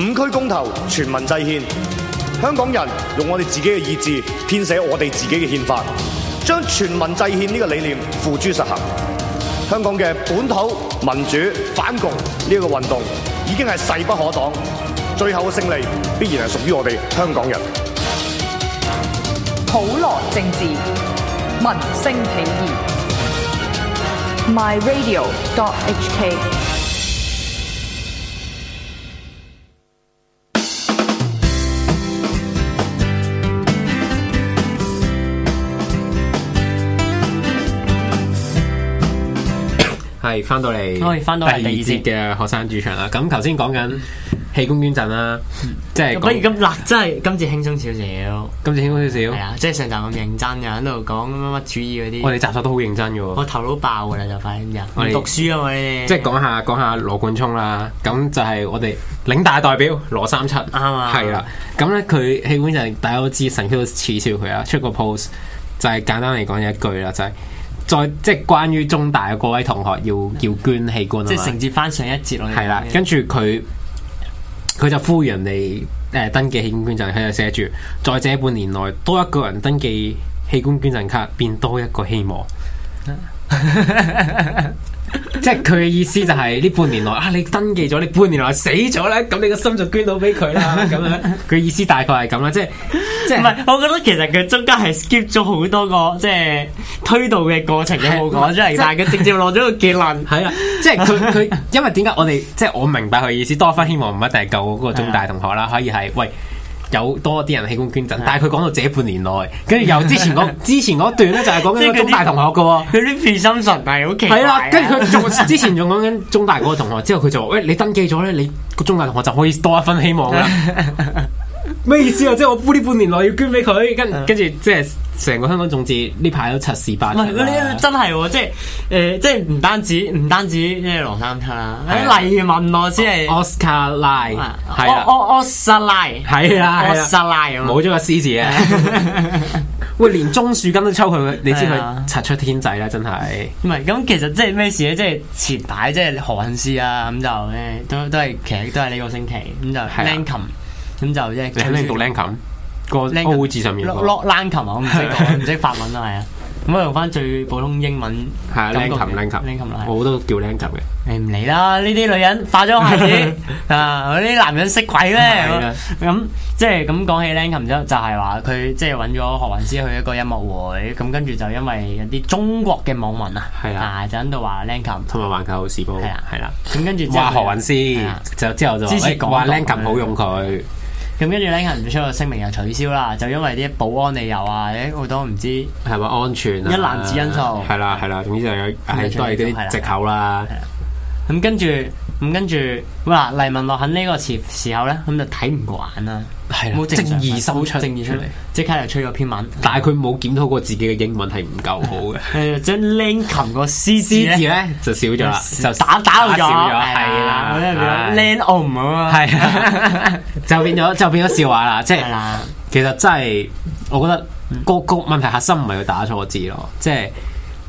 五區公投，全民制憲，香港人用我哋自己嘅意志編寫我哋自己嘅憲法，將全民制憲呢個理念付諸實行。香港嘅本土民主反共呢個運動已經係勢不可擋，最後嘅勝利必然係屬於我哋香港人。普羅政治，民聲體現。MyRadio.hk 係翻到嚟，翻到嚟第二節嘅學生主場啦。咁頭先講緊器官捐贈啦，嗯、即係可以今嗱，真係今次輕鬆少少。今次輕鬆少少，係、嗯、啊，即係成集咁認真，又喺度講乜乜主義嗰啲。我哋集集都好認真嘅喎。我頭都爆噶啦，就快啲我哋們讀書啊，我哋即係講下講下羅冠聰啦。咁就係我哋嶺大代表羅三七，啱、嗯、啊。係啦、嗯，咁咧佢器官就大家都知，神都恥笑佢啊，出個 post 就係簡單嚟講一句啦，就係、是就是。再即係關於中大嘅嗰位同學要 要捐器官，即係承接翻上一節咯。係啦的，跟住佢佢就呼籲人哋誒，登記器官捐贈，佢就寫住，在這半年內多一個人登記器官捐贈卡，變多一個希望。 即係佢嘅意思就係呢半年內啊，你登記咗你半年內死咗咧，咁你個心就捐到俾佢啦。咁樣佢意思大概係咁啦，即係即係唔係？我覺得其實佢中間係 skip 咗好多個即係推導嘅過程嘅，冇講出嚟，但係佢即直接落咗個結論。係啊，即係佢佢，因為點解我哋即係我明白佢意思，多分希望唔一定係救嗰個中大同學啦，可以係喂。有多啲人器官捐贈，但係佢講到這半年內，跟住由之前嗰之前段咧，就係講緊中大同學嘅，佢啲心術純係好奇怪啊。係啦，跟住佢之前仲講緊中大嗰個同學，之後佢就喂、hey, 你登記咗咧，你個中大同學就可以多一分希望啦。 咩意思啊？即係我煲呢半年內要捐俾佢，跟跟住即係成個香港眾志呢排都七事八。唔係嗰啲真係，即係誒，即係唔單止唔單止，即係羅三卡啦，例如問我知係 Oscar Lai，n O c a r Lie，n 係啊，O 莎 Lie，冇咗個獅字啊！喂，連鍾樹根都抽佢，你知佢拆出天際啦，真係。唔係咁，其實即係咩事咧？即係前排，即係何漢師啊，咁就咧都都係，其實都係呢個星期咁就 l i n c 咁就即係你係咪讀 Lancôme 個歐字上面個？落落 Lancôme 啊！我唔識講，唔識法文啊，係啊。咁我用翻最普通英文。係 Lancôme，Lancôme，Lancôme，我都叫 Lancôme 嘅。你唔嚟啦！呢啲女人化妝下啲啊，嗰啲男人識鬼咩？咁即係咁講起 Lancôme 之後，就係話佢即係揾咗何韻詩去一個音樂會。咁跟住就因為有啲中國嘅網民啊，啊就喺度話 Lancôme 同埋環球時報。係啊，係啦。咁跟住，話何韻詩就之後就話話 Lancôme 好用佢。咁跟住 Lincoln 唔出個聲明又取消啦，就因為啲保安理由啊，啲好多唔知係咪安全啊，一籃子因素係啦係啦，總之就係都係啲借口啦。咁跟住咁跟住哇，黎文樂喺呢個時時候咧，咁就睇唔慣啦，係冇正義收出正義出嚟，即刻就出咗篇文，但係佢冇檢討過自己嘅英文係唔夠好嘅，即 Lincoln 個 C C 字咧就少咗啦，就打打到咗係啦，Linkon 啊嘛，係啊。就變咗就變咗笑話啦，即係其實真係，我覺得個個問題核心唔係佢打錯字咯，即係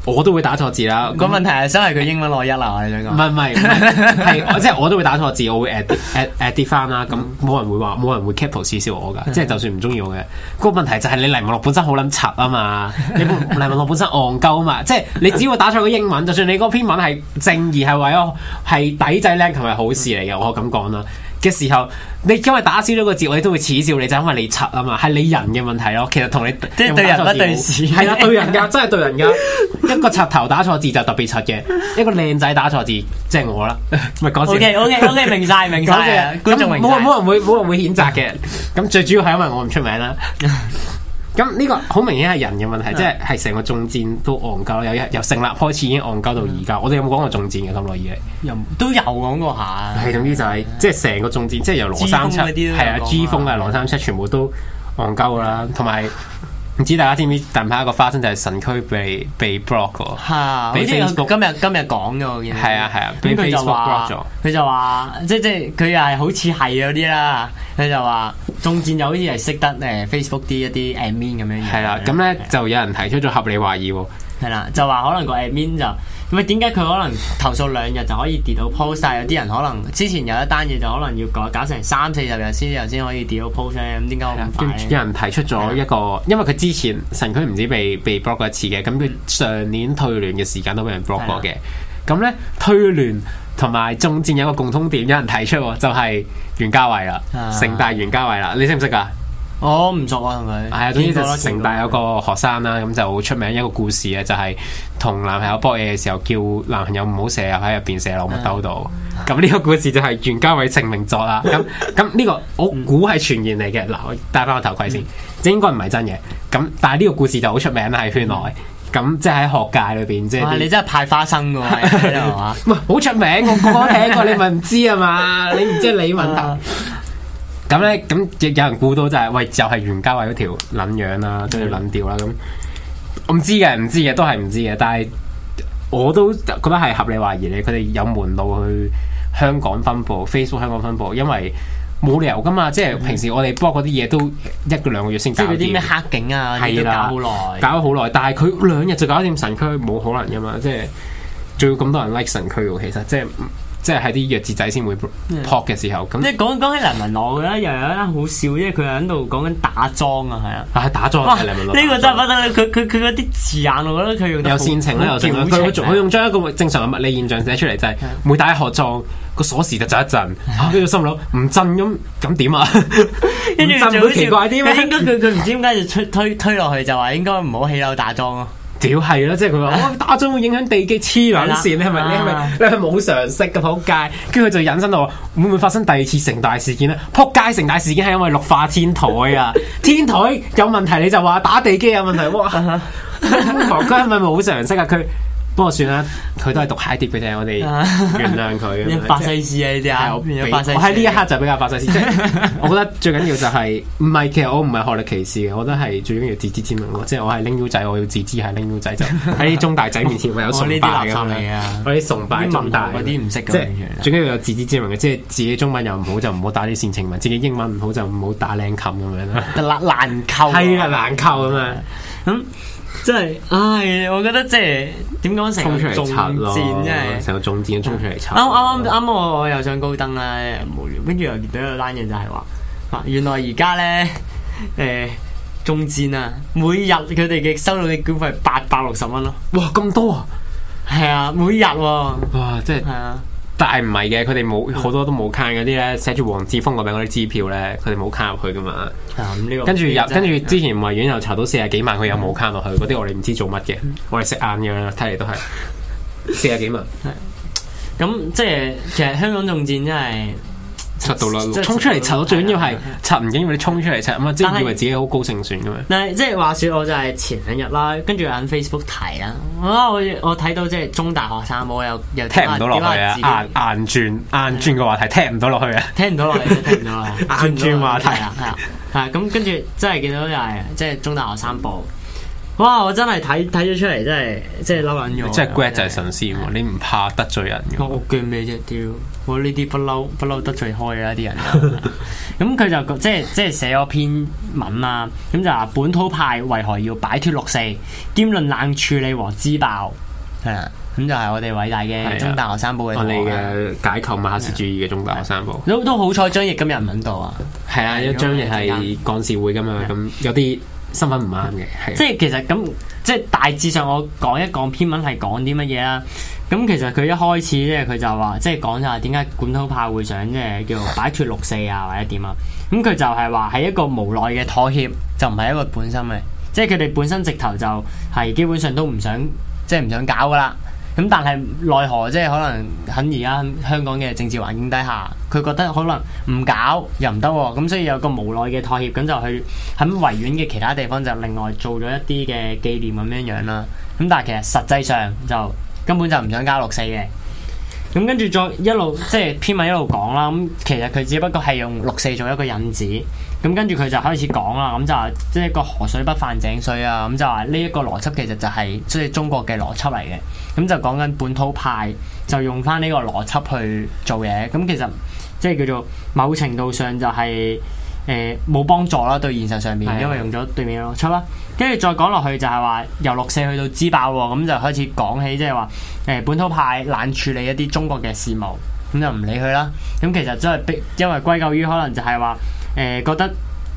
我都會打錯字啦。個問題係真係佢英文落一啦，你想講？唔係唔係，係即係我都會打錯字，我會 add add add 啲翻啦。咁冇人會話，冇人會 cap 笑我噶。即係就算唔中意我嘅，個問題就係你黎文樂本身好撚柒啊嘛，你黎文樂本身戇鳩啊嘛。即係你只要打錯個英文，就算你嗰篇文係正義，係為咗係抵制呢，係咪好事嚟嘅？我咁講啦。嘅時候，你因為打少咗個字，我哋都會恥笑你，就是因為你柒啊嘛，係你人嘅問題咯。其實同你即係是 對人不對事，係啊事， 對人噶，真係對人噶。 一個插頭打錯字就特別柒嘅，一個靚仔打錯字即係我啦。咪係講 O K O K O K 明晒 明晒咁冇人冇人會冇 人會譴責嘅。咁最主要係因為我唔出名啦。 咁呢個好明顯係人嘅問題， 即係係成個中箭都戇鳩，由由成立開始已經戇鳩到而家。我哋有冇講過中箭嘅咁耐嘢？以有都有講過下。係，總之就係、是、的即係成個中箭，即係由羅三七，係啊，G 峰啊，羅三七全部都戇鳩㗎啦，同埋。 唔知大家知唔知？近排一個花生就係、是、神區被被 block 個，俾、啊、今日今日講嘅，我見啊係啊，俾 Facebook block 咗。佢 face 就話，即即佢又係好似係嗰啲啦。佢就話，中箭就好似係識得誒 Facebook 啲一啲 admin 咁樣。係啦，咁咧、啊、就有人提出咗合理懷疑。係啦、啊啊，就話可能個 admin 就。咪點解佢可能投訴兩日就可以跌到 post 曬？有啲人可能之前有一單嘢就可能要改，搞成三四十日先又先可以跌到 post 咁點解咁快？跟住有人提出咗一個，因為佢之前神區唔止被被 block 過一次嘅，咁佢上年退聯嘅時間都俾人 block 過嘅。咁咧的退聯同埋中戰有個共通點，有人提出就係、是、袁家偉啦，成大袁家偉啦，你識唔識噶？我唔作啊，係咪、oh？係啊，總之就城大有個學生啦，咁就好出名一個故事啊，就係、是、同男朋友搏嘢嘅時候，叫男朋友唔好射啊，喺入邊射落麥兜到。咁呢的、嗯、個故事就係袁家偉成名作啦。咁咁呢個我估係傳言嚟嘅。嗱，我戴翻個頭盔先，嗯、應該唔係真嘅。咁但係呢個故事就好出名啦，喺圈內。咁即係喺學界裏邊，即係你真係派花生噶係嘛？唔係好出名，我聽過你咪唔知啊嘛？你唔知， 你知李文達？ 咁咧，咁亦有人估到就係、是，喂，又、就、係、是、袁家偉嗰條捻樣啦，跟住捻掉啦。咁我唔知嘅，唔知嘅，都係唔、嗯、知嘅。但係我都覺得係合理懷疑你佢哋有門路去香港分布，Facebook 香港分布，因為冇理由噶嘛。即係平時我哋幫嗰啲嘢都一個兩個月先，搞咗啲咩黑警啊，係啦，好耐，搞咗好耐。但係佢兩日就搞掂神區，冇可能噶嘛。即係仲要咁多人 like 神區喎，其實即係。即係喺啲弱智仔先會扑嘅時候，咁即係講講起黎文樂咧，又有一好笑，因為佢喺度講緊打樁啊，係啊，打樁係黎文呢個真係不得了，佢佢佢嗰啲字眼，我覺得佢用有煽情咧，又煽情，佢佢仲佢用將一個正常嘅物理現象寫出嚟就係每打一學樁個鎖匙就震一震，跟住心諗唔震咁咁點啊？跟住就好奇怪啲咩？應該佢佢唔知點解就出推推落去就話應該唔好起樓打樁咯。屌，係咯，即係佢話我打樁會影響地基黐孖線，你係咪？你係咪？你係咪冇常識嘅撲街？跟住佢就引申到：「會唔會發生第二次城大事件咧？撲街，城大事件係因為綠化天台啊， 天台有問題你就話打地基有問題，哇！ 房居係咪冇常識啊？佢。不過算啦，佢都係讀 high 跌，我哋原諒佢。一法西斯啊呢啲啊，我喺呢一刻就比較法西斯。我覺得最緊要就係唔係，其實我唔係學歷歧視嘅，我覺得係最緊要自知之明。即係我係 Ling U 仔，我要自知係 Ling U 仔，就喺中大仔面前我有呢啲垃圾嚟啊！啲崇拜問大嗰啲唔識嘅。最緊要有自知之明嘅，即係自己中文又唔好就唔好打啲煽情文，自己英文唔好就唔好打靚琴咁樣啦。難溝係啊難溝啊嘛咁。即係，唉、 哎，我覺得即係點講成個中箭，即係成個中箭衝出嚟插。啱啱啱我我又上高登啦，冇，跟住又見到一單嘢，就係話，啊，原來而家咧，誒、欸，中箭啊，每日佢哋嘅收到嘅捐款係八百六十蚊咯，哇，咁多啊，係啊，每日喎、啊，哇，即係，係啊。但係唔係嘅，佢哋冇好多都冇卡嗰啲咧，寫住黃之鋒個名嗰啲支票咧，佢哋冇卡入去噶嘛。係啊，咁呢個跟住又跟住之前維園又查到四十幾萬，佢又冇卡落去，嗰啲我哋唔知做乜嘅，嗯、我哋識眼嘅，睇嚟都係 四十幾萬。係，咁即係其實香港重仲真係。 刷到啦！即係衝出嚟刷，最緊要係刷，唔緊要你衝出嚟刷啊嘛！即係以為自己好高勝算咁樣。但係即係話說，我就係前兩日啦，跟住喺 Facebook 睇啊，我我睇到即係中大學生，我又又聽唔到落去啊！硬硬轉硬轉嘅話題，聽唔到落去啊！聽唔到落去，聽唔到落去，硬轉話題啊！係係咁跟住真係見到又係即係中大學生報，哇！我真係睇睇咗出嚟，真係即係嬲咗，即係 Glad 就係神仙喎！你唔怕得罪人嘅？我叫咩啫屌？我呢啲不嬲不嬲得罪開啦啲人，咁佢、 啊、就即係即係寫咗篇文啦，咁就話本土派為何要擺脱六四、兼論冷處理和自爆，係啦、啊，咁就係我哋偉大嘅中大學生報嘅。我哋嘅解構馬克思主義嘅中大學生報。都好彩張亦今日唔喺度啊！係啊，有張亦係幹事會噶嘛，咁有啲身份唔啱嘅，即係其實咁，即係大致上我講一講講一講篇文係講啲乜嘢啦。咁其實佢一開始咧，佢就話即係講就係點解管統派會想即係叫擺脱六四啊，或者點啊？咁佢就係話係一個無奈嘅妥協，就唔係一個本心嘅，即係佢哋本身直頭就係基本上都唔想即係唔想搞噶啦。咁但係奈何即係、就是、可能喺而家香港嘅政治環境底下，佢覺得可能唔搞又唔得、啊，咁所以有個無奈嘅妥協，咁就去喺維園嘅其他地方就另外做咗一啲嘅紀念咁樣樣、啊、啦。咁但係其實實際上就。根本就唔想加六四嘅，咁跟住再一路即係篇文一路講啦。咁其實佢只不過係用六四做一個引子，咁跟住佢就開始講啦。咁就話，即係一個河水不犯井水啊。咁就話呢一個邏輯其實就係即係中國嘅邏輯嚟嘅。咁就講緊本土派就用翻呢個邏輯去做嘢。咁其實即係叫做某程度上就係誒冇幫助啦，對現實上面，因為用咗對面嘅邏輯啦。跟住再講落去就係話由六四去到支爆喎，咁就開始講起即係話誒本土派懶處理一啲中國嘅事務，咁就唔理佢啦。咁其實真係因為歸咎於可能就係話誒覺得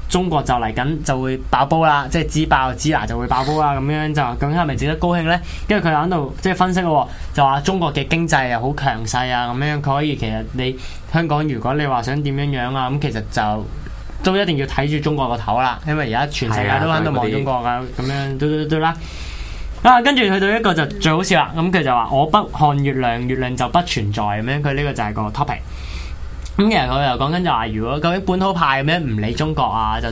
中國就嚟緊就會爆煲啦，即係支爆支那就會爆煲啦，咁樣就究竟係咪值得高興呢？跟住佢喺度即係分析咯，就話中國嘅經濟又好強勢啊，咁樣佢可以其實你香港如果你話想點樣樣啊，咁其實就。都一定要睇住中國個頭啦，因為而家全世界都喺度望中國噶，咁樣，嘟嘟嘟啦。啊，跟住去到一個就最好笑啦，咁佢就話：我不看月亮，月亮就不存在。咁樣，佢呢個就係個 topic。咁其實佢又講緊就話：「如果究竟本土派咁樣唔理中國啊，就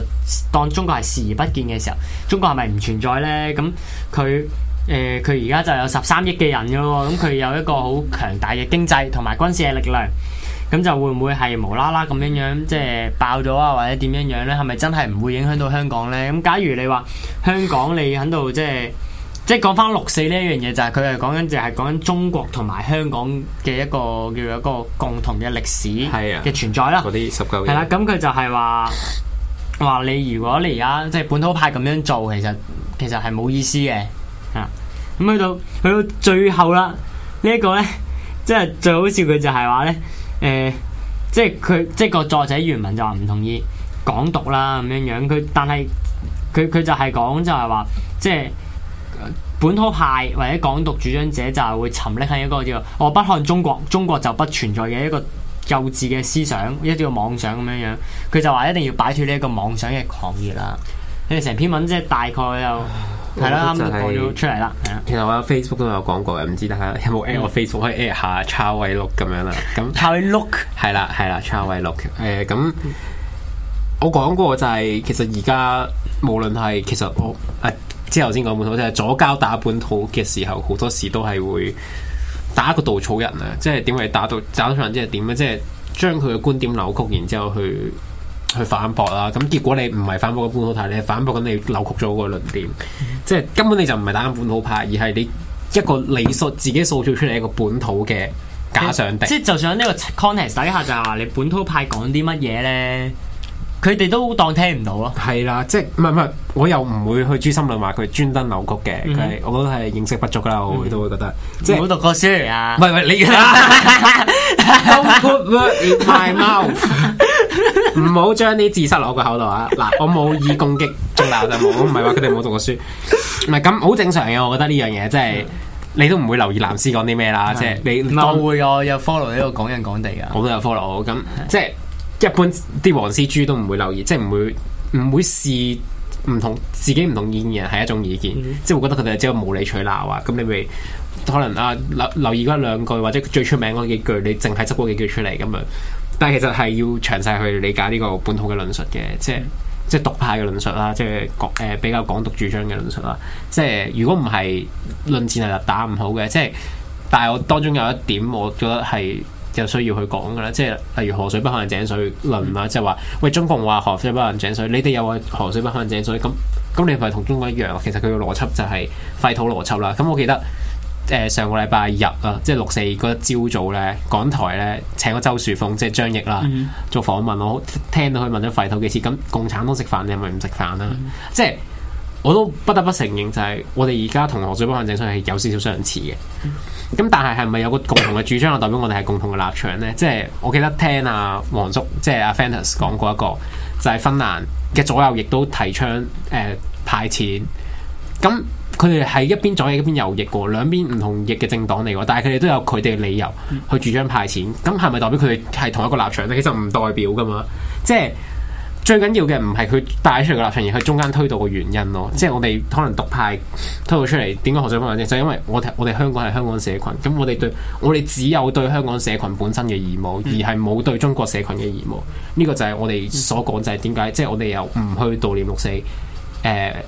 當中國係視而不見嘅時候，中國係咪唔存在呢？」咁佢誒佢而家就有十三億嘅人噶喎，咁佢有一個好強大嘅經濟同埋軍事嘅力量。咁、 嗯、就會唔會係無啦啦咁樣樣，即係爆咗啊，或者點樣樣咧？係咪真係唔會影響到香港咧？咁、嗯、假如你話香港你喺度即係即係講翻六四呢一樣嘢，就係佢係講緊，就係講緊中國同埋香港嘅一個叫做一個共同嘅歷史嘅存在啦。嗰啲十九係啦，咁佢就係話話你如果你而家即係本土派咁樣做，其實其實係冇意思嘅。啊，咁、嗯、去到去到最後啦，呢個、呢一個咧，即係最好笑嘅就係話咧。就係誒、呃，即係佢，即係個作者原文就話唔同意港獨啦，咁樣樣。佢但係佢佢就係講就係話，即係本土派或者港獨主張者就係會沉溺喺一個叫我不看中國，中國就不存在嘅一個幼稚嘅思想，一個妄想咁樣樣。佢就話一定要擺脫呢一個妄想嘅狂熱啦。你哋成篇文即係大概有。係啦，啱啱要出嚟啦。其實我喺 Facebook 都有講過嘅，唔知大家有冇 air 我 Facebook 可以 air 下 char 威禄咁樣啦。咁 char 威禄係啦係啦 char 威禄，誒咁我講過就係，其實而家無論係其實我誒，即係先講本土即係左膠打本土嘅時候，好多時都係會打一個稻草人啊！即係點為打到打上人即係點咧？即係將佢嘅觀點扭曲，然之後去。去反駁啦，咁結果你唔係反駁緊本土派，你係反駁緊你扭曲咗個論點， 即係根本你就唔係打緊本土派，而係你一個理所自己塑造出嚟一個本土嘅假想敵，嗯。即係就算呢個 context 底下，就係話你本土派講啲乜嘢咧，佢哋 都當聽唔到咯。係啦，即係唔係唔係，我又唔會去誅心論話佢專登扭曲嘅，係、嗯、哼我覺得係認識不足㗎啦，我、嗯、哼會都會覺得、嗯、哼即係冇讀過書啊。唔係唔你。唔好將啲字塞落我個口度啊！嗱， 我冇意攻擊，仲鬧就冇，唔係話佢哋冇讀過書，唔係咁好正常嘅。我覺得呢樣嘢，即係你都唔會留意藍絲講啲咩啦。是即係你會我會有 follow 呢個講人講地㗎，我都有 follow 的。咁即係一般啲黃絲豬都唔會留意，即係唔會唔會視唔同自己唔同意見嘅人係一種意見。嗯、即係我覺得佢哋只有無理取鬧啊！咁你咪可能啊留留意嗰兩句，或者最出名嗰幾句，你淨係執嗰幾句出嚟咁樣。但係其實係要詳細去理解呢個本土嘅論述嘅，即係即係獨派嘅論述啦，即係港、呃、比較港獨主張嘅論述啦。即係如果唔係論戰係打唔好嘅，即係但係我當中有一點，我覺得係有需要去講嘅啦。即係例如河水不犯井水論啊，嗯、即係話喂中共話河水不犯井水，你哋又話河水不犯井水，咁咁你唔係同中國一樣啊？其實佢嘅邏輯就係廢土邏輯啦。咁我記得。誒、呃、上個禮拜日啊，即係六四嗰朝早咧，港台咧請咗周樹峯，即係張譯啦做訪問，嗯、我聽，聽到佢問咗廢土幾次，咁、嗯、共產黨食飯定係咪唔食飯啊？嗯即，即係我都不得不承認、就是，就係我哋而家同學最不憤正，上係有少少相似嘅。咁、嗯、但係係咪有個共同嘅主張，又 代表我哋係共同嘅立場咧？即係我記得聽阿、啊、黃叔，即係阿 Fantas 講過一個，就係、是、芬蘭嘅左右亦都提倡誒、呃、派錢，咁、嗯。嗯嗯嗯。佢哋係一邊左翼一邊右翼嘅，兩邊唔同翼嘅政黨嚟嘅，但係佢哋都有佢哋嘅理由去主張派錢，咁係咪代表佢哋係同一個立場咧？其實唔代表噶嘛，即係最緊要嘅唔係佢帶出嚟嘅立場，而係佢中間推導嘅原因咯。即係我哋可能獨派推導出嚟，點解我想講嘅就係因為我我哋香港係香港社群，咁我哋對我哋只有對香港社群本身嘅義務，而係冇對中國社群嘅義務。呢、這個就係我哋所講就係點解，嗯、即係我哋又唔去悼念六四。誒誒、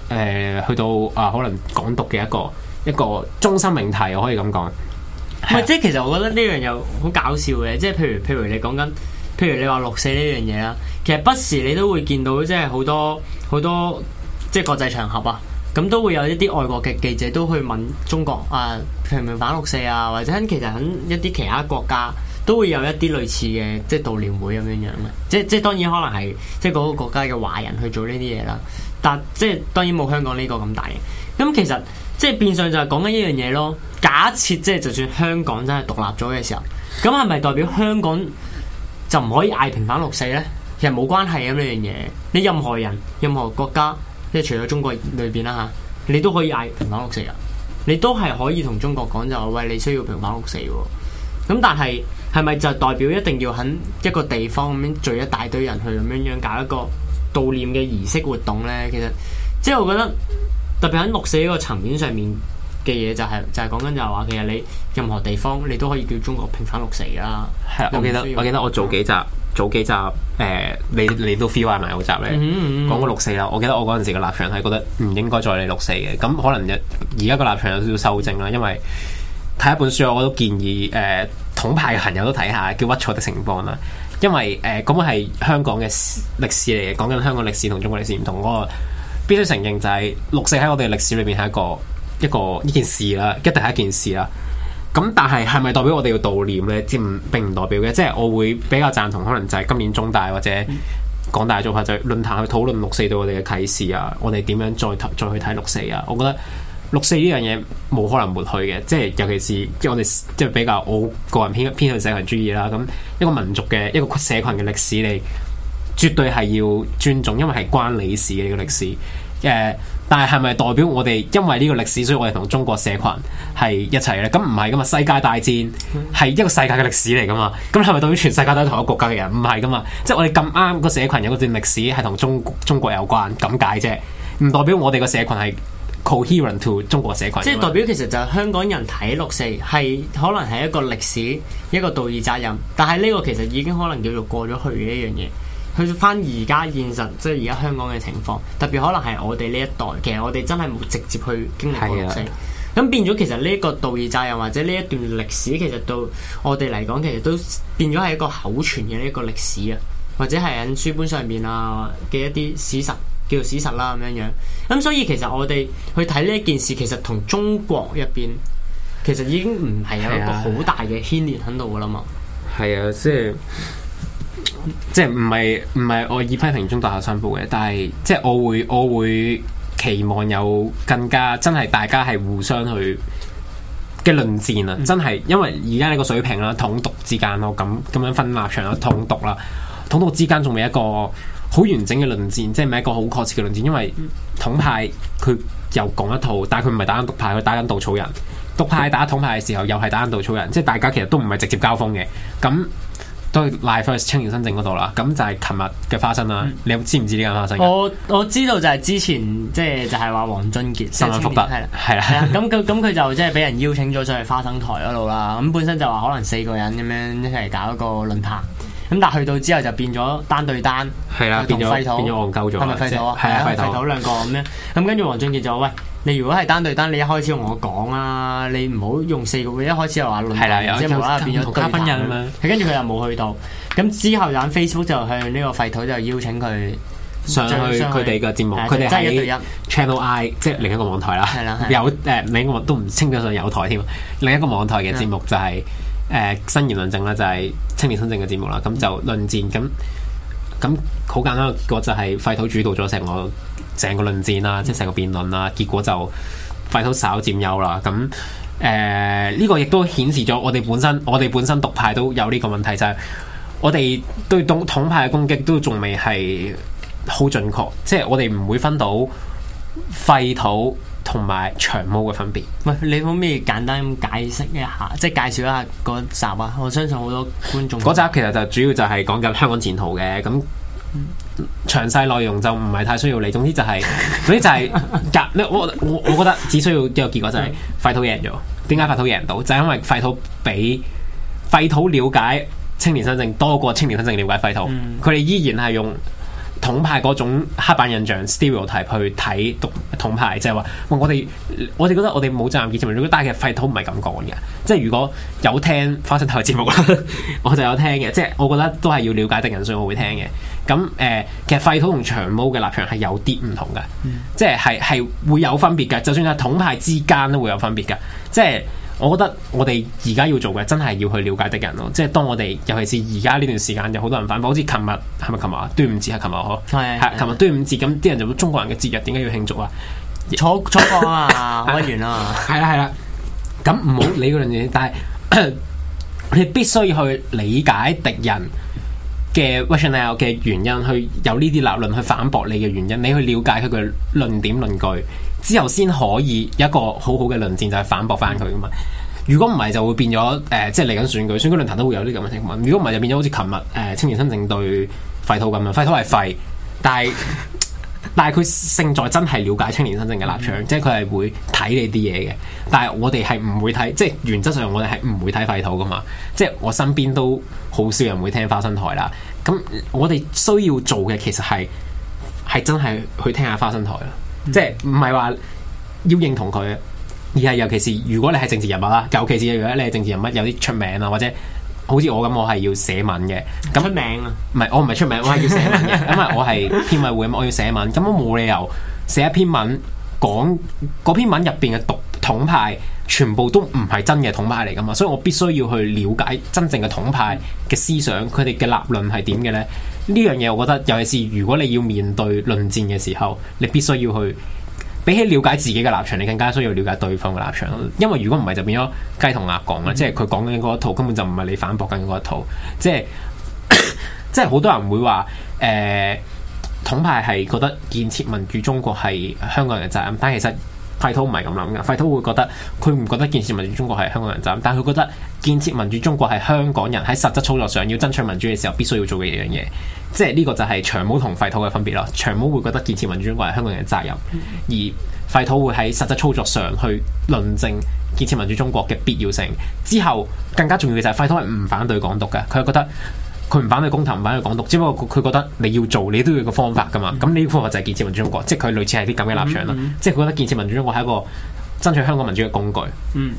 嗯，去到啊，可能港獨嘅一個一個中心命題，我可以咁講。唔係，即係其實我覺得呢樣又好搞笑嘅。即係譬如譬如你講緊，譬如你話六四呢樣嘢啦，其實不時你都會見到，即係好多好多即係國際場合啊，咁都會有一啲外國嘅記者都去問中國啊，平反六四啊，或者喺其實一啲其他國家都會有一啲類似嘅即係悼念會咁樣樣嘅。即即，即當然可能係即係嗰個國家嘅華人去做呢啲嘢啦。但即係當然冇香港呢個咁大嘅，咁其實即係變相就係講緊一樣嘢咯。假設即係就算香港真係獨立咗嘅時候，咁係咪代表香港就唔可以嗌平反六四呢？其實冇關係嘅呢樣嘢。你任何人、任何國家，即係除咗中國裏邊啦嚇，你都可以嗌平反六四嘅，你都係可以同中國講就係話喂你需要平反六四喎。咁但係係咪就代表一定要喺一個地方咁樣聚一大堆人去咁樣樣搞一個？悼念嘅儀式活動呢，其實即係我覺得特別喺六四呢個層面上面嘅嘢，就是，就係、是、就係講緊就係話，其實你任何地方你都可以叫中國平反六四啦。我記得我記得我早幾集早幾集誒，你你都 feel 埋埋嗰集咧，講過六四啦。我記得我嗰陣時嘅立場係覺得唔應該再理六四嘅，咁可能而家個立場有少少修正啦，因為睇一本書，我都建議誒、呃、統派嘅朋友都睇下叫屈錯的情況啦。因為誒、咁、呃、係香港嘅史歷史嚟嘅，講緊香港歷史同中國歷史唔同。我必須承認就係、是、六四喺我哋嘅歷史裏邊係一個一個呢件事啦，一定係一件事啦。咁但係係咪代表我哋要悼念呢？即唔並唔代表嘅，即係我會比較贊同，可能就係今年中大或者港大做法，就論、是、壇去討論六四對我哋嘅啟示啊，我哋點樣再再去睇六四啊？我覺得。六四呢樣嘢冇可能抹去嘅，即係尤其是我哋即係比較我個人偏偏向社群主義啦。咁一個民族嘅一個社群嘅歷史，你絕對係要尊重，因為係關你事嘅呢、這個歷史。誒、呃，但係係咪代表我哋因為呢個歷史，所以我哋同中國社群係一齊咧？咁唔係噶嘛，世界大戰係一個世界嘅歷史嚟噶嘛。咁係咪代表全世界都係同一個國家嘅人？唔係噶嘛，即係我哋咁啱個社群有段歷史係同中國中國有關，咁解啫。唔代表我哋個社群係。Coherent to 中國社群，即係代表其實就香港人睇六四係可能係一個歷史、一個道義責任，但係呢個其實已經可能叫做過咗去嘅一樣嘢。去翻而家現實，即係而家香港嘅情況，特別可能係我哋呢一代，其實我哋真係冇直接去經歷過六四咁是的 變咗，其實呢一個道義責任或者呢一段歷史，其實到我哋嚟講，其實都變咗係一個口傳嘅呢個歷史啊，或者係喺書本上面啊嘅一啲史實。叫做史實啦咁樣樣，咁、嗯、所以其實我哋去睇呢一件事，其實同中國入邊，其實已經唔係有一個好大嘅牽連喺度噶啦嘛。係啊，即係，即係唔係唔係我以批評中大學生報嘅，但係即係我會我會期望有更加真係大家係互相去嘅論戰啊！真係，因為而家呢個水平啦，統獨之間咯，咁咁樣分立場啦，統獨啦，統獨之間仲未一個。好完整嘅論戰，即係咪一個好確切嘅論戰，因為統派佢又講一套，但係佢唔係打緊獨派，佢打緊稻草人。獨派打統派嘅時候，又係打緊稻草人，即係大家其實都唔係直接交鋒嘅。咁都係青年新政嗰度啦。咁就係琴日嘅花生啦。嗯、你知唔知呢間花生？我我知道就係之前即係就係話黃俊傑、沈立福伯啦係啦。咁佢咁佢就即係俾人邀請咗上去花生台嗰度啦。咁本身就話可能四個人咁樣一齊搞一個論壇。咁但係去到之後就變咗單對單，係啦，變咗廢土變咗戇鳩咗，係咪廢土啊？係啊，廢土兩個咁樣。咁跟住黃俊傑就話：喂，你如果係單對單，你一開始同我講啊，你唔好用四個，一開始就話論壇，即係無啦啦變咗對打咁樣。跟住佢又冇去到。咁之後就喺 Facebook 就去呢個廢土就邀請佢上去佢哋嘅節目，佢哋喺 Channel I，即係另一個網台啦。係啦，有誒名都唔稱得上有台添，另一個網台嘅節目就係。誒、呃、新言論戰啦，就係青年新政嘅節目啦，咁就論戰咁。咁好簡單嘅結果就係廢土主導咗成個成個論戰啦，嗯、即係成個辯論啦，結果就廢土稍佔優啦。咁誒呢個亦都顯示咗我哋本身我哋本身獨派都有呢個問題，就係、是、我哋對統統派嘅攻擊都仲未係好準確，即係我哋唔會分到廢土。同埋長毛嘅分別，喂你可唔可以簡單咁解釋一下，即係介紹一下嗰集啊？我相信好多觀眾嗰集其實就主要就係講緊香港前途嘅咁，嗯、詳細內容就唔係太需要你。總之就係、是，總之就係、是、夾 我我我覺得只需要一個結果就係、是、廢土贏咗。點解廢土贏唔到？就係、是、因為廢土比廢土了解青年新政多過青年新政了解廢土。佢哋、嗯、依然係用統派嗰種刻板印象 stereotype 去睇讀統派，就係、是、話：我哋我哋覺得我哋冇責任，但係其實廢土唔係咁講嘅。即係如果有聽花生台嘅節目啦， 我就有聽嘅。即係我覺得都係要了解定人信，我會聽嘅。咁誒、呃，其實廢土同長毛嘅立場係有啲唔同嘅，嗯、即係係係會有分別嘅。就算係統派之間都會有分別嘅，即係。我覺得我哋而家要做嘅，真係要去了解敵人咯。即係當我哋，尤其是而家呢段時間，有好多人反駁。好似琴日係咪琴日？端午節係琴日嗬。係琴、啊、日端午節，咁啲、哎、呀人就會中國人嘅節日，點解要慶祝啊？坐坐房 啊，開完啦。係啦係啦，咁唔好理嗰樣嘢。但係 你必須要去理解敵人嘅 rational 嘅原因，去有呢啲立論去反駁你嘅原因。你去了解佢嘅論點論據。論之後先可以一個好好嘅論戰，就係、是、反駁翻佢噶嘛。如果唔係，就會變咗誒、呃，即係嚟緊選舉，選舉論壇都會有啲咁嘅情況。如果唔係，就變咗好似琴日誒青年新政對廢土咁樣，廢土係廢，但係但係佢勝在真係了解青年新政嘅立場，嗯、即係佢係會睇你啲嘢嘅。但係我哋係唔會睇，即係原則上我哋係唔會睇廢土噶嘛。即係我身邊都好少人會聽花生台啦。咁我哋需要做嘅其實係係真係去聽下花生台啦。即係唔係話要認同佢，而係尤其是如果你係政治人物啦，尤其是如果你係政治人物有啲出名啊，或者好似我咁，我係要寫文嘅，咁出名啊？唔係，我唔係出名，我係要寫文嘅， 因為我係編委會，我要寫文，咁我冇理由寫一篇文講嗰篇文入邊嘅獨統派全部都唔係真嘅統派嚟噶嘛，所以我必須要去了解真正嘅統派嘅思想，佢哋嘅立論係點嘅咧？呢樣嘢我覺得，尤其是如果你要面對論戰嘅時候，你必須要去比起了解自己嘅立場，你更加需要了解對方嘅立場。因為如果唔係，就變咗雞同鴨講啦。嗯、即係佢講緊嗰一套根本就唔係你反駁緊嗰一套。即係 即係好多人會話，誒、呃、統派係覺得建設民主中國係香港人嘅責任，但係其實。廢土唔係咁諗嘅，廢土會覺得佢唔覺得建設民主中國係香港人責任，但佢覺得建設民主中國係香港人喺實質操作上要爭取民主嘅時候必須要做嘅一樣嘢，即係呢個就係長毛同廢土嘅分別咯。長毛會覺得建設民主中國係香港人嘅責任，而廢土會喺實質操作上去論證建設民主中國嘅必要性。之後更加重要嘅就係廢土係唔反對港獨嘅，佢係覺得。佢唔反對公投，唔反對港獨，只不過佢佢覺得你要做，你都要個方法噶嘛。咁呢、嗯、個方法就係建設民主中國，即係佢類似係啲咁嘅立場啦。嗯嗯，即係佢覺得建設民主中國係一個爭取香港民主嘅工具，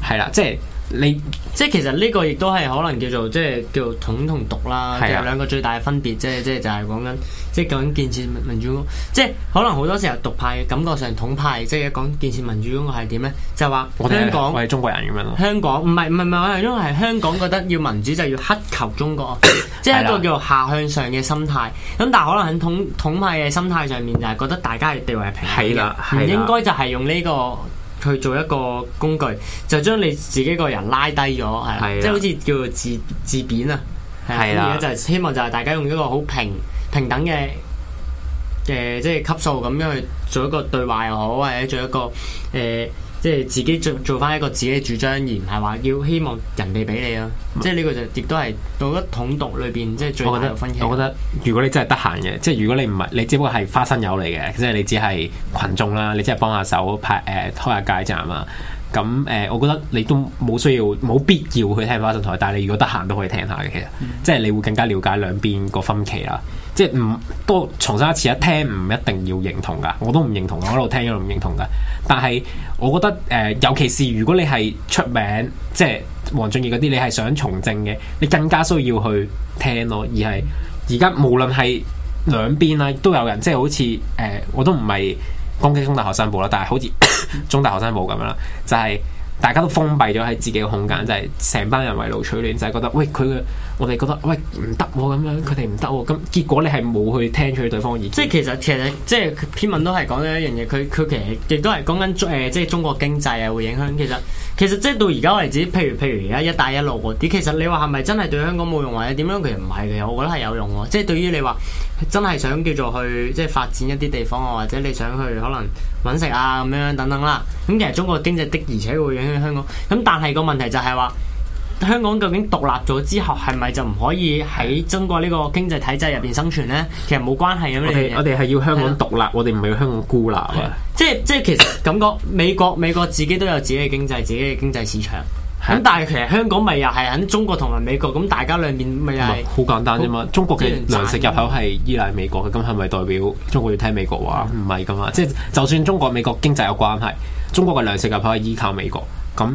係啦，嗯，即係。你即係其實呢個亦都係可能叫做即係叫做統同獨啦，即係兩個最大嘅分別，即係即係就係講緊即係究竟建設民主中國，即係可能好多時候獨派嘅感覺上統派即係講建設民主中國係點咧？就係話香港我係中國人咁樣咯，香港唔係唔係唔係，因為係香港覺得要民主就要乞求中國， 即係一個叫做下向上嘅心態。咁 是但係可能喺統統派嘅心態上面，就係覺得大家嘅地位係平等，唔應該就係用呢、這個。去做一個工具，就將你自己個人拉低咗，係是、啊、即係好似叫做自自貶啊。咁而家就係希望就係大家用一個好平平等嘅誒、呃，即係級數咁樣去做一個對話又好，或者做一個誒。呃即係自己做做翻一個自己主張，而唔係話要希望人哋俾你咯、嗯。即係呢個就亦都係到咗統獨裏邊，即係最大嘅分歧。我覺得，我覺得如果你真係得閒嘅，即係如果你唔係你，只不過係花生友嚟嘅，即係你只係群眾啦，你真係幫下手拍誒、呃、開下街站啊。咁誒、呃，我覺得你都冇需要冇必要去聽花生台，但係你如果得閒都可以聽下嘅。其實、嗯、即係你會更加了解兩邊個分歧啦。即係唔多重申一次，聽唔一定要認同噶，我都唔認同，我喺度聽一路唔認同噶。但係我覺得誒、呃，尤其是如果你係出名，即係黃俊義嗰啲，你係想從政嘅，你更加需要去聽咯。而係而家無論係兩邊啦，都有人即係好似誒、呃，我都唔係攻擊中大學生報啦，但係好似 中大學生報咁樣啦，就係、是。大家都封閉咗喺自己嘅空間，就係、是、成班人圍爐取暖，就係、是、覺得喂佢嘅，我哋覺得喂唔得咁樣，佢哋唔得喎，咁結果你係冇去聽取對方意見。即係其實其實即係篇文都係講咗一樣嘢，佢佢其實亦都係講緊中即係中國經濟啊，會影響其實。其實即係到而家為止，譬如譬如而家一帶一路嗰啲，其實你話係咪真係對香港冇用，或者點樣？其實唔係，其實我覺得係有用喎。即係對於你話真係想叫做去即係發展一啲地方啊，或者你想去可能揾食啊咁樣等等啦。咁其實中國經濟的而且會影響香港。咁但係個問題就係話。香港究竟獨立咗之後，係咪就唔可以喺中國呢個經濟體制入邊生存呢？其實冇關係啊，我哋們麼我哋係要香港獨立，是的 我哋唔係要香港孤立啊！即係即係其實感覺美國美國自己都有自己嘅經濟，自己嘅經濟市場。咁是的 但係其實香港咪又係喺中國同埋美國咁，大家裏面咪又唔係好簡單啫嘛？中國嘅糧食入口係依賴美國嘅，咁係咪代表中國要聽美國話？唔係噶嘛，即係就算中國美國經濟有關係，中國嘅糧食入口係依靠美國咁。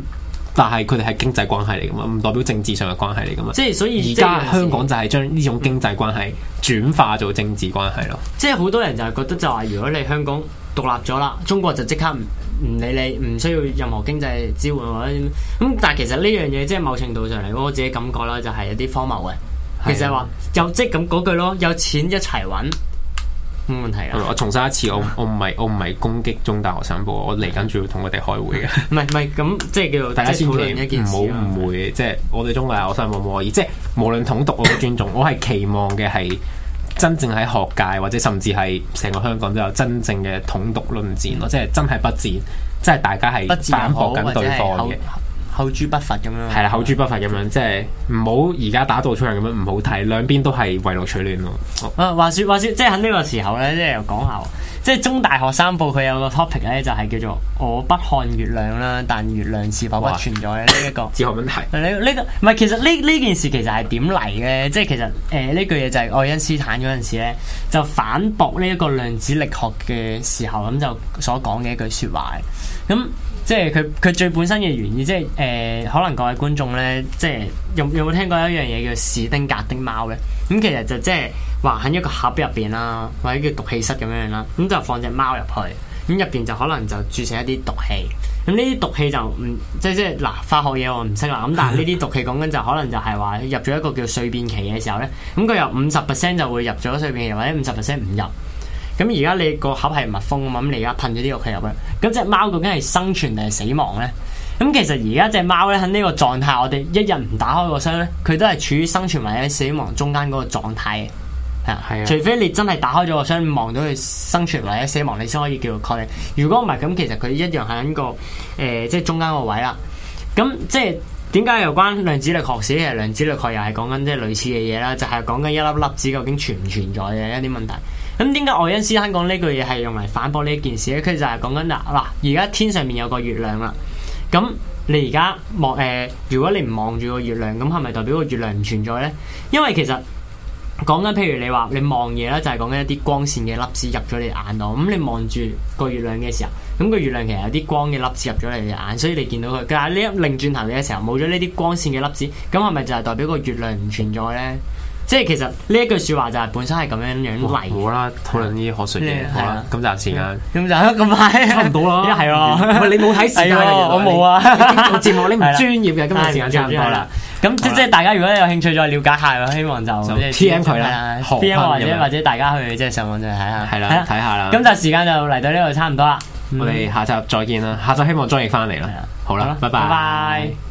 但係佢哋係經濟關係嚟噶嘛，唔代表政治上嘅關係嚟噶嘛。即係所以而家香港就係將呢種經濟關係轉化做政治關係咯。即係好多人就係覺得就話，如果你香港獨立咗啦，中國就即刻唔唔理你，唔需要任何經濟支援或者咁。咁但係其實呢樣嘢即係某程度上嚟講，我自己感覺啦，就係一啲荒謬嘅。其實話有是的 即咁嗰句咯，有錢一齊揾。冇問題啊！我重申一次，我我唔係我唔係攻擊中大學生報，我嚟緊仲要同佢哋開會嘅。唔係唔係，咁即係叫做大家先討論唔好誤會即係、就是、我對中大學生冇冇意，即、就、係、是、無論統獨我都尊重， 我係期望嘅係真正喺學界或者甚至係成個香港都有真正嘅統獨論戰咯，即係真係不戰，即係大家係反駁緊對方嘅。口誅筆伐咁樣，係啦，嗯，口誅筆伐咁樣，即係唔好而家打稻草人咁樣，唔好睇，兩邊都係圍爐取暖咯。啊，哦，話說話說，即係喺呢個時候咧，即係又講下，即係中大學生報佢有個 topic 咧，就係、是、叫做我不看月亮啦，但月亮是否不存在呢一哇、這個？哲學問題。呢呢個唔係，其實呢呢件事其實係點嚟嘅？即係其實誒呢，呃，句嘢就係愛因斯坦嗰陣時咧，就反駁呢一個量子力學嘅時候咁就所講嘅一句說話咁。即係佢佢最本身嘅原意，即係誒、呃、可能各位觀眾咧，即係有有冇聽過有一樣嘢叫史丁格丁貓咧？咁、嗯、其實就即係話喺一個盒入邊啦，或者叫毒氣室咁樣樣啦，咁、嗯、就放隻貓入去，咁入邊就可能就注射一啲毒氣，咁呢啲毒氣就唔即即係嗱，化學嘢我唔識啦，咁但係呢啲毒氣講緊就可能就係話入咗一個叫衰變期嘅時候咧，咁佢由五十 percent 就會入咗衰變期，或者五十 percent 唔入。咁而家你，盒你個盒係密封嘛，咁你而家噴咗啲藥佢入去，咁隻貓究竟係生存定係死亡咧？咁其實而家隻貓咧喺呢個狀態，我哋一日唔打開個箱咧，佢都係處於生存或者死亡中間嗰個狀態嘅，係啊的，除非你真係打開咗個箱，望到佢生存或者死亡，你先可以叫確定。如果唔係，咁其實佢一樣喺個誒、呃、即係中間個位啦。咁即係點解有關量子力學事？其實量子力學又係講緊即係類似嘅嘢啦，就係講緊一粒粒子究竟存唔存在嘅一啲問題。咁點解愛因斯坦講呢句嘢係用嚟反駁呢一件事咧？佢就係講緊嗱，嗱，而家天上面有個月亮啦。咁你而家望誒，如果你唔望住個月亮，咁係咪代表個月亮唔存在咧？因為其實講緊，譬如你話你望嘢咧，就係講緊一啲光線嘅粒子入咗你眼度。咁你望住個月亮嘅時候，咁個月亮其實有啲光嘅粒子入咗你嘅眼，所以你見到佢。但係呢一擰轉頭嘅時候，冇咗呢啲光線嘅粒子，咁係咪就係代表個月亮唔存在咧？即係其實呢一句說話就係本身係咁樣樣嚟。冇啦，討論啲學術嘢，好啦，咁就時間。咁就咁快，差唔多啦。係啊，唔係你冇睇時間啊？我冇啊。節目你唔專業嘅，今日時間差唔多啦。咁即係大家如果有興趣再了解下，希望就 PM 佢啦或者或者大家去即係上網就睇下，係啦，睇下啦。咁就時間就嚟到呢度差唔多啦。我哋下集再見啦，下集希望锺意翻嚟啦。好啦，拜拜。